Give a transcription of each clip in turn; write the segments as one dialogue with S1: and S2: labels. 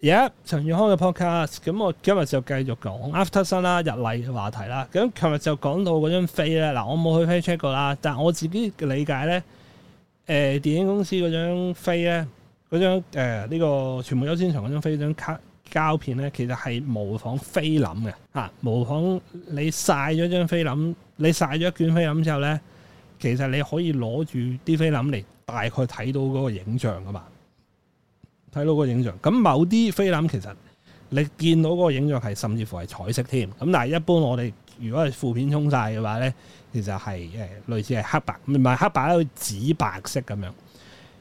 S1: 而家陳宇康嘅 podcast，咁我今日就繼續講 Aftersun 啦，日麗嘅話題啦。咁琴日就講到嗰張飛咧，嗱我冇去 fact check 過啦，但我自己嘅理解咧，誒、呃、電影公司嗰張飛咧，嗰張呢、呃這個全部優先場嗰張飛卡膠片咧，其實係模仿菲林嘅，模仿你晒咗張菲林，你晒咗一卷菲林之後咧，其實你可以攞住啲菲林嚟大概睇到嗰個影像噶嘛。睇到個影像，咁某啲菲林其實你見到嗰個影像係甚至乎係彩色添，咁但係一般我哋如果係負片沖晒嘅話咧，其實係誒類似係黑白，唔係黑白係紫白色咁樣。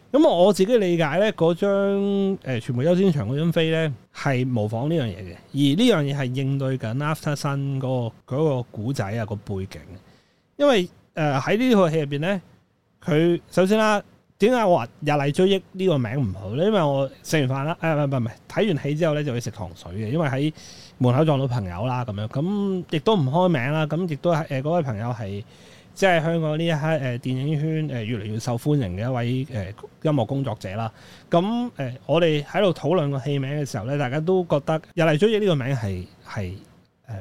S1: 咁我自己理解咧，嗰張全部優先場嗰張飛咧，係模仿呢樣嘢嘅，而呢樣嘢係應對緊 After Sun 嗰嗰個故仔啊、嗰個背景，因為誒喺呢套戲入邊咧，佢、呃、首先啦、啊。點解我話《日麗追憶》呢個名唔好咧？因為我食完飯啦，誒唔係唔係，睇完戲之後咧就會食糖水嘅，因為喺門口撞到朋友啦咁樣，咁亦都唔開名啦，咁亦都係誒嗰位朋友係即係香港呢一刻誒、呃、電影圈誒越嚟越受歡迎嘅一位誒、呃、音樂工作者啦。咁誒、呃、我哋喺度討論個戲名嘅時候咧，大家都覺得《日麗追憶》呢個名係係。是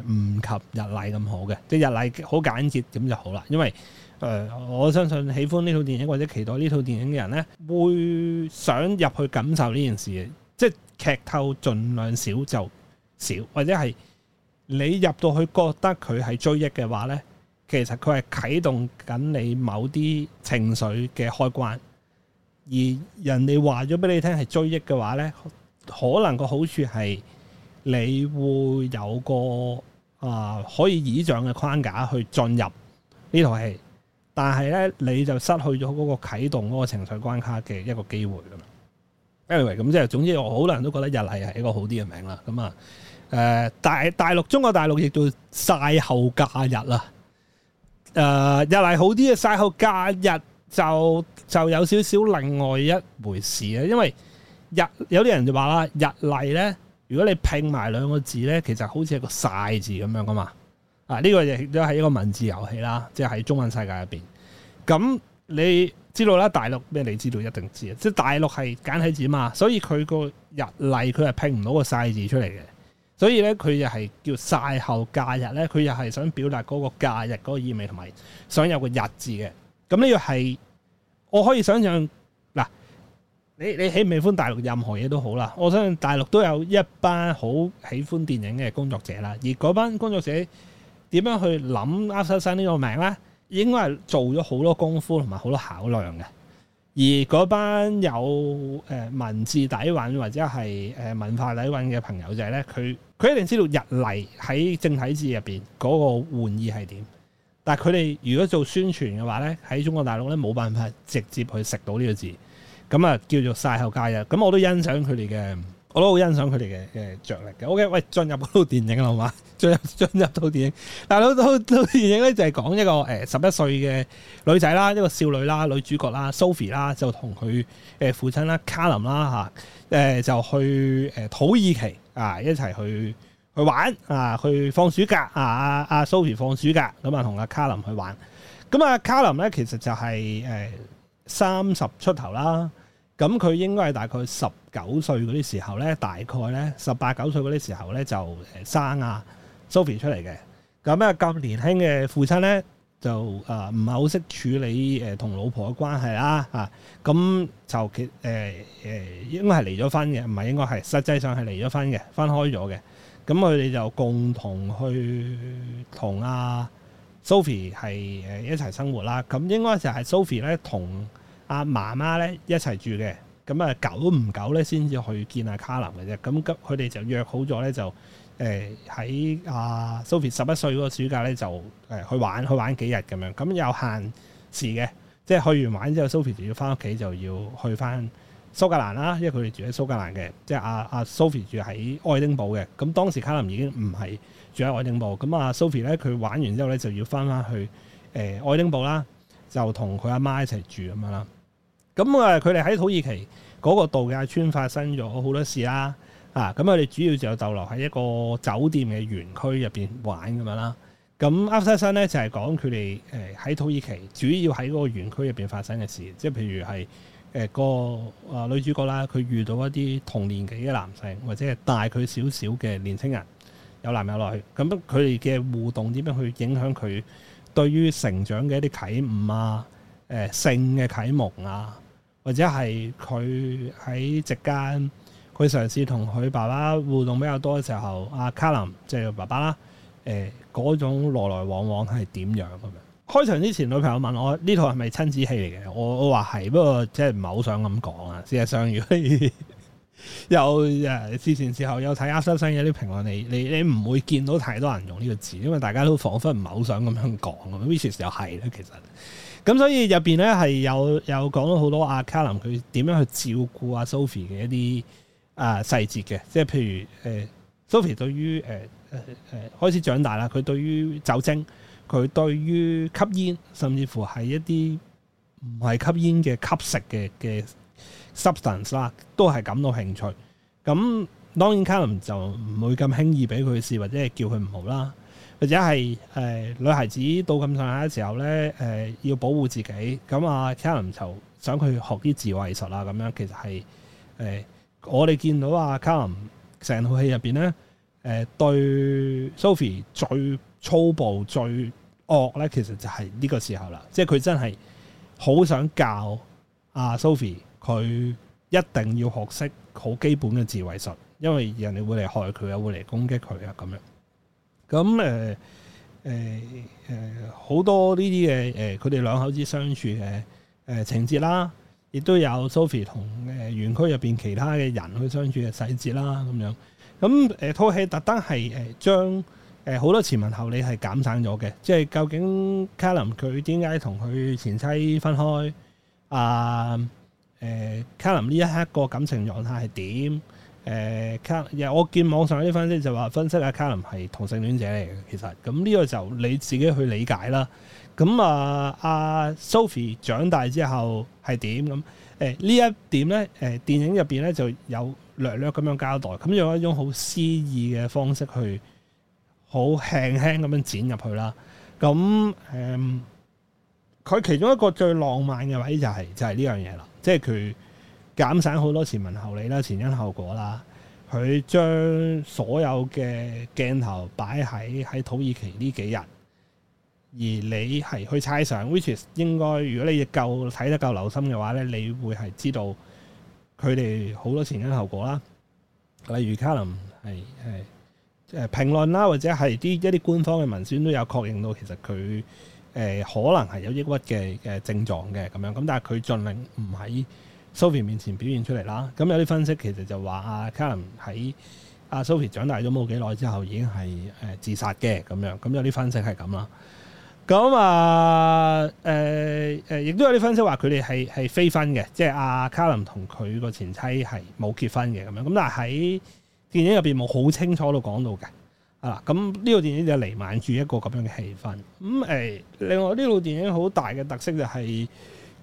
S1: 唔及日麗咁好嘅，即日麗好簡潔咁就好啦。因為誒，我相信喜歡呢套電影或者期待呢套電影嘅人呢，會想入去感受呢件事嘅，即劇透儘量少就少，或者係你入到去覺得佢係追憶嘅話呢，其實佢係啟動緊你某啲情緒嘅開關。而人哋話咗俾你聽係追憶嘅話呢，可能個好處係。你會有個啊、呃、可以倚仗嘅框架去進入呢套戲，但係呢，你就失去咗嗰個啟動嗰個情緒關卡嘅一個機會㗎嘛。Anyway，咁即係總之，我好多人都覺得日麗係一個好啲嘅名啦。咁、嗯、啊，誒大大陸中國大陸亦都晒後假日啊，誒、呃、日麗好啲嘅晒後假日就就有少少另外一回事啊。因為日有啲人就話啦，日麗呢。如果你拼埋兩個字咧，其實好似係個曬字咁樣噶嘛，啊呢個亦都係一個文字遊戲啦，即係喺中文世界入邊。咁你知道啦，大陸咩？你知道，你知道一定知啊，即係大陸係簡體字嘛，所以佢個日麗，佢係拼唔到個曬字出嚟嘅。所以咧，佢又係叫晒後假日咧，佢又係想表達嗰個假日嗰個意味同埋想有個日字嘅。咁呢個係我可以想象。你你喜唔喜歡大陸任何嘢都好啦，我相信大陸都有一班好喜歡電影嘅工作者啦。而嗰班工作者點樣去諗《阿莎羅》呢個名呢？應該係做咗好多功夫同埋好多考量嘅。而嗰班有誒文字底蘊或者係誒文化底蘊嘅朋友就係呢。佢佢一定知道日麗喺正體字入面嗰、那個玩意係點。但係佢哋如果做宣傳嘅話呢，喺中國大陸呢，冇辦法直接去食到呢個字。咁啊，叫做晒後街啊。咁我都欣賞佢哋嘅，我都好欣賞佢哋嘅嘅著力嘅。OK，喂，進入嗰套電影啦，好嘛？進入進入到電影，嗱，老套老電影咧就係講一個誒十一歲嘅女仔啦，一個少女啦，女主角啦，Sophie 啦、啊，就同佢誒父親啦，卡林啦吓，誒就去誒土耳其啊，一齊去去玩啊，去放暑假啊，阿、啊、阿 Sophie 放暑假，咁啊同阿卡林去玩。咁啊，卡林咧其實就係、是、誒。啊三十出頭啦，咁佢應該係大概十九歲嗰啲時候咧，大概咧十八九歲嗰啲時候咧就生啊，Sophie 出嚟嘅。咁咧比較年輕嘅父親咧就唔係好識處理同老婆嘅關係啦嚇。咁就其誒誒應該係離咗婚嘅，唔係應該係實際上係離咗婚嘅，分開咗嘅。咁佢哋就共同去同阿 Sophie 係誒一齊生活啦，咁應該就係 Sophie 咧同阿媽媽咧一齊住嘅，咁啊久都唔久咧先至去見阿卡琳嘅啫，咁咁佢哋就約好咗咧就誒喺阿 Sophie 十一歲嗰個暑假咧就誒去玩去玩幾日咁樣，咁有限時嘅，即係去完玩之後 Sophie 就要翻屋企就要去翻蘇格蘭啦，因為佢哋住喺蘇格蘭嘅，即係阿阿 Sophie 住喺愛丁堡嘅。咁當時卡林已經唔係住喺愛丁堡，咁阿 Sophie 咧佢玩完之後咧就要翻翻去誒愛丁堡啦，就同佢阿媽一齊住咁樣啦。咁啊，佢哋喺土耳其嗰個度假村發生咗好多事啦。啊，咁佢哋主要就逗留喺一個酒店嘅園區入邊玩咁樣啦。咁阿 Aftersun 咧就係、是、講佢哋誒喺土耳其主要喺嗰個園區入邊發生嘅事，即係譬如係。誒、呃那個啊女主角啦，佢遇到一啲同年紀嘅男性，或者係大佢少少嘅年青人，有男有女。咁佢哋嘅互動點樣去影響佢對於成長嘅一啲啟悟啊？誒、呃、性嘅啟蒙啊，或者係佢喺席間，佢嘗試同佢爸爸互動比較多嘅時候，阿、啊、卡林即係、就是、爸爸啦。誒、呃、嗰種來來往往係點樣咁樣？開場之前，女朋友問我呢套係咪親子戲嚟嘅？我我話係，不過即係唔係好想咁講啊！事實上，如 果有誒事前事後有睇阿生生有啲評論，你你你唔會見到太多人用呢個字，因為大家都仿佛唔係好想咁樣講咁。意思又係咧，其實咁所以入邊咧係有有講咗好多阿卡林佢點樣去照顧阿 Sophie 嘅一啲啊細節嘅，即係譬如誒、呃、Sophie 對於誒誒誒開始長大啦，佢對於酒精。佢對於吸煙，甚至乎係一啲唔係吸煙嘅吸食嘅嘅 substance 啦，都係感到興趣。咁當然，卡林就唔會咁輕易俾佢試，或者係叫佢唔好啦。或者係誒、呃、女孩子到咁上下嘅時候咧，誒、呃、要保護自己。咁啊，卡林就想佢學啲自衛術啊，咁樣其實係誒、呃、我哋見到啊卡林成套戲入邊咧，誒、呃、對 Sophie 最粗暴最惡咧，其實就係呢個時候啦，即係佢真係好想教阿 Sophie，佢一定要學識好基本嘅智慧術，因為人哋會嚟害佢啊，會嚟攻擊佢啊，咁樣。咁誒誒誒，好、呃呃呃、多呢啲嘅誒，佢哋兩口子相處嘅誒、呃呃、情節啦，亦都有 Sophie 同誒園區入邊其他嘅人去相處嘅細節啦，咁樣。咁誒，套、呃、戲特登係誒將。呃誒好多前文後理係減省咗嘅，即係究竟卡林佢點解同佢前妻分開？啊誒，卡林呢一刻個感情狀態係點？誒、欸、卡，Cullum，我見網上有啲分析就話分析阿卡林係同性戀者嚟嘅，其實咁呢個就你自己去理解啦。咁啊，阿、啊、Sophie 長大之後係點？咁誒呢一點咧，誒、欸、電影入邊咧就有略略咁樣交代，咁用一種好詩意嘅方式去。好輕輕咁樣剪入去啦，咁誒，佢、嗯、其中一個最浪漫嘅位就係、是、就係呢樣嘢啦，即係佢減省好多前文後理啦，前因後果啦，佢將所有嘅鏡頭擺喺喺土耳其呢幾日，而你係去猜想，which is 應該，如果你夠睇得夠留心嘅話咧，你會係知道佢哋好多前因後果啦，例如卡林係係。誒評論啦，或者係啲一啲官方嘅文宣都有確認到，其實佢誒、呃、可能係有抑鬱嘅嘅症狀嘅咁樣。咁但係佢盡量唔喺 Sophie 面前表現出嚟啦。咁有啲分析其實就話阿卡林喺阿、啊、Sophie 長大咗冇幾耐之後已經係誒、呃、自殺嘅咁樣。咁有啲分析係咁啦。咁啊誒誒，亦、呃呃、都有啲分析話佢哋係係非婚嘅，即係阿、啊、卡林同佢個前妻係冇結婚嘅咁樣。咁但係喺電影入邊冇好清楚都講到嘅，啊咁呢部電影就瀰漫住一個咁樣嘅氣氛。咁、嗯、誒、欸，另外呢部電影好大嘅特色就係、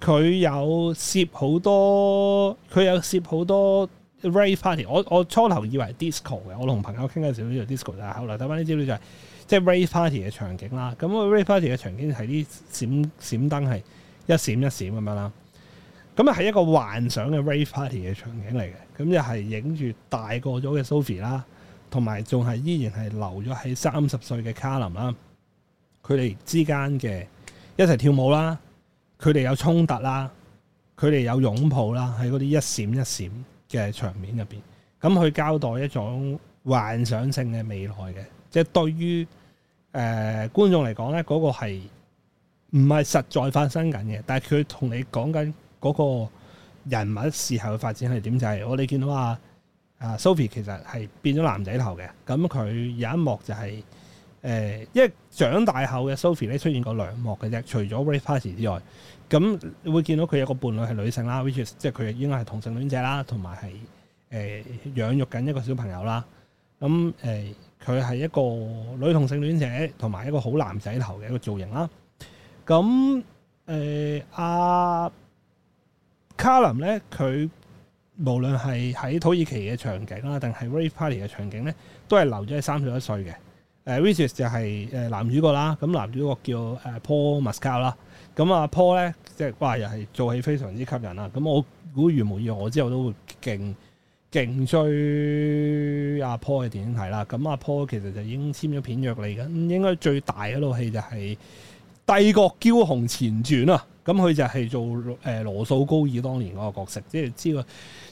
S1: 是、佢有攝好多，佢有攝好多 rave party 我。我我初頭以為 disco 嘅，我同朋友傾緊資料就 disco，但係後來睇翻啲資料就係即係 rave party 嘅場景啦。咁個 rave party 嘅場景係啲閃閃燈係一閃一閃咁樣啦。咁啊，係一個幻想嘅 rave party 嘅場景嚟嘅，咁就係影住大個咗嘅 Sophie 啦，同埋仲係依然係留咗喺三十歲嘅卡林啦，佢哋之間嘅一齊跳舞啦，佢哋有衝突啦，佢哋有擁抱啦，喺嗰啲一閃一閃嘅場面入邊，咁去交代一種幻想性嘅未來嘅，即係對於誒觀眾嚟講咧，嗰個係唔係實在發生緊嘅，但係佢同你講緊。嗰、那個人物事後嘅發展係點？就係、是、我哋見到啊啊 Sophie 其實係變咗男仔頭嘅，咁佢有一幕就係、是、誒、呃，因為長大後嘅 Sophie 咧出現過兩幕嘅啫，除咗 rave party 之外，咁會見到佢有個伴侶係女性啦，which is 即係佢已經係同性戀者啦，同埋係誒養育緊一個小朋友啦，咁誒佢係一個女同性戀者，同埋一個好男仔頭嘅一個造型啦，咁誒阿。呃啊卡林咧，佢無論係喺土耳其嘅場景啦，定係 rave party 嘅場景咧，都係留咗係三十一歲嘅。誒 Vicious 就係誒男主角啦。咁男主角叫誒 Paul Mescal 啦。咁阿 Paul 咧，即係哇，又係做戲非常之吸引啊。咁我估如無意外，我之後都會勁勁追阿、啊、Paul 嘅電影睇啦。咁阿 Paul 其實就已經簽咗片約嚟嘅。應該最大嗰套戲就係《帝國驕雄前傳》啊。咁佢就係做誒羅素高爾當年嗰個角色，即係知個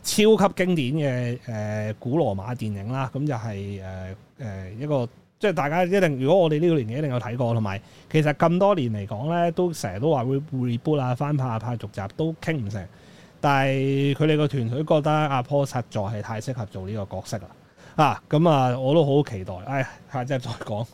S1: 超級經典嘅、呃、古羅馬電影啦。咁就係、是呃呃、一個，即係大家一定如果我哋呢個年紀一定有睇過，同埋其實咁多年嚟講咧，都成日都話會 reboot 啊，翻拍啊、拍續集都傾唔成。但係佢哋個團隊覺得阿 Paul 實在係太適合做呢個角色啦。啊，咁啊，我都好期待。唉、哎，下集再講。